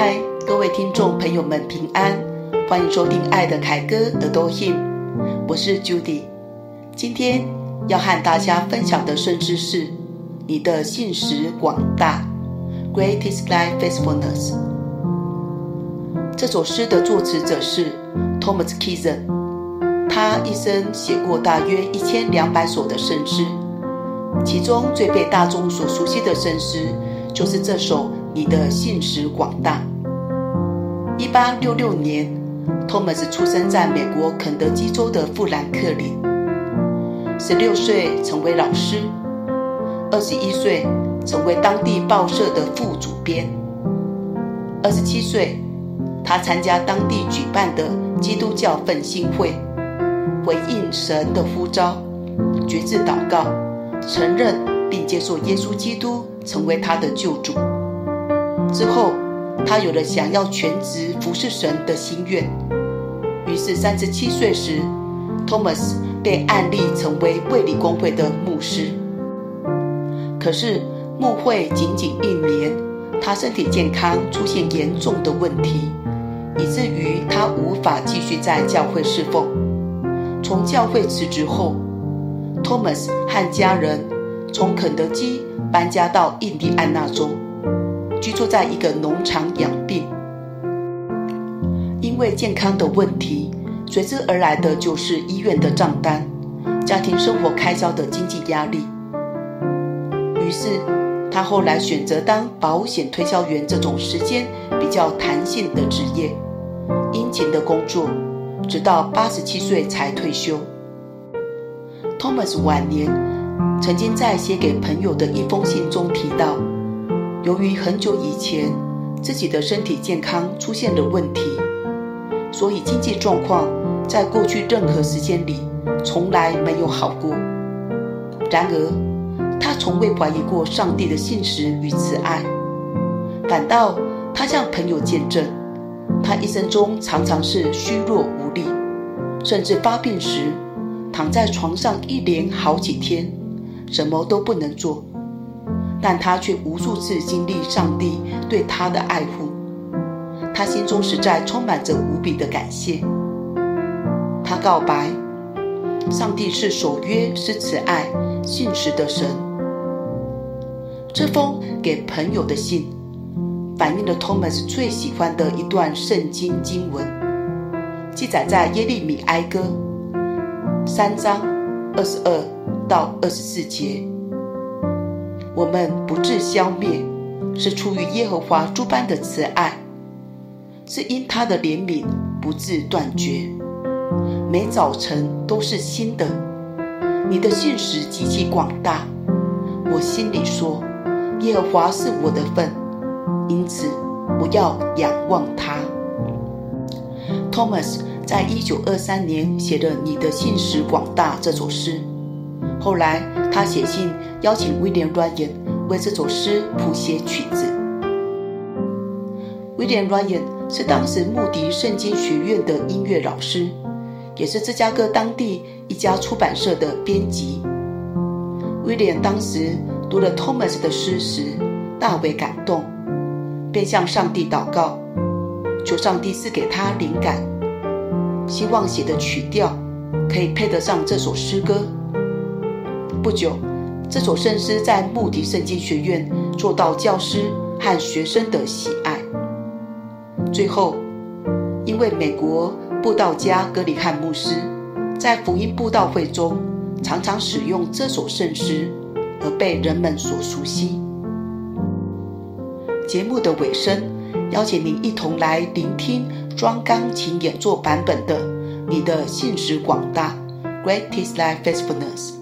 嗨，各位聽眾朋友們，平安，歡迎收聽《愛的凱歌》Adore Him。我是 Judy，今天要和大家分享的聖詩是《你的信實廣大》（Great Is Thy Faithfulness）。這首詩的作詞者是 Thomas Chisholm，他一生寫過大約一千兩百首的聖詩，其中最被大眾所熟悉的聖詩就是這首《你的信實廣大》。一八六六年，托馬斯出生在美國肯德基州的富蘭克林。十六歲成為老師，二十一歲成為當地報社的副主編。二十七歲，他參加當地舉辦的基督教奮興會，回應神的呼召，決志禱告，承認並接受耶穌基督成為他的救主。之後，他有了想要全職服侍神的心願，於是三十七歲時，Thomas 被按立成為衛理公會的牧師。可是，牧會僅僅一年，他身體健康出現嚴重的問題，以至於他無法繼續在教會侍奉。從教會辭職後，Thomas 和家人從肯德基搬家到印第安納州。居住在一個農場養病，因為健康的問題，隨之而來的就是醫院的賬單，家庭生活開銷的經濟壓力。於是，他後來選擇當保險推銷員這種時間比較彈性的職業，辛勤的工作，直到八十七歲才退休。Thomas 晚年曾經在寫給朋友的一封信中提到。由於很久以前自己的身體健康出現了問題，所以經濟狀況在過去任何時間裡從來沒有好過。然而，他從未懷疑過上帝的信實與慈愛，反倒他向朋友見證，他一生中常常是虛弱無力，甚至發病時躺在床上一連好幾天，什麼都不能做。但他卻無數次經歷上帝對他的愛護，他心中實在充滿着無比的感謝。他告白：上帝是守約、是慈愛、信實的神。這封給朋友的信，反映了 Thomas 最喜歡的一段聖經經文，記載在耶利米哀歌三章二十二到二十四節。我們不致消滅，是出於耶和華諸般的慈愛，是因他的憐憫不致斷絕。每早晨都是新的。你的信實極其廣大，我心裡說，耶和華是我的份，因此不要仰望他。Thomas 在一九二三年寫着《你的信實廣大》這首詩。後來，他寫信邀請威廉·瑞恩為這首詩譜寫曲子。威廉·瑞恩是當時穆迪聖經學院的音樂老師，也是芝加哥當地一家出版社的編輯。威廉當時讀了 Thomas 的詩時，大為感動，便向上帝禱告，求上帝賜給他靈感，希望寫的曲調可以配得上這首詩歌。不久，這首聖詩在慕迪聖經學院受到教師和學生的喜愛。最後，因為美國布道家葛理翰牧師在福音布道會中常常使用這首聖詩，而被人們所熟悉。節目的尾聲，邀請您一同來聆聽雙鋼琴演奏版本的《你的信實廣大》，Great is thy faithfulness。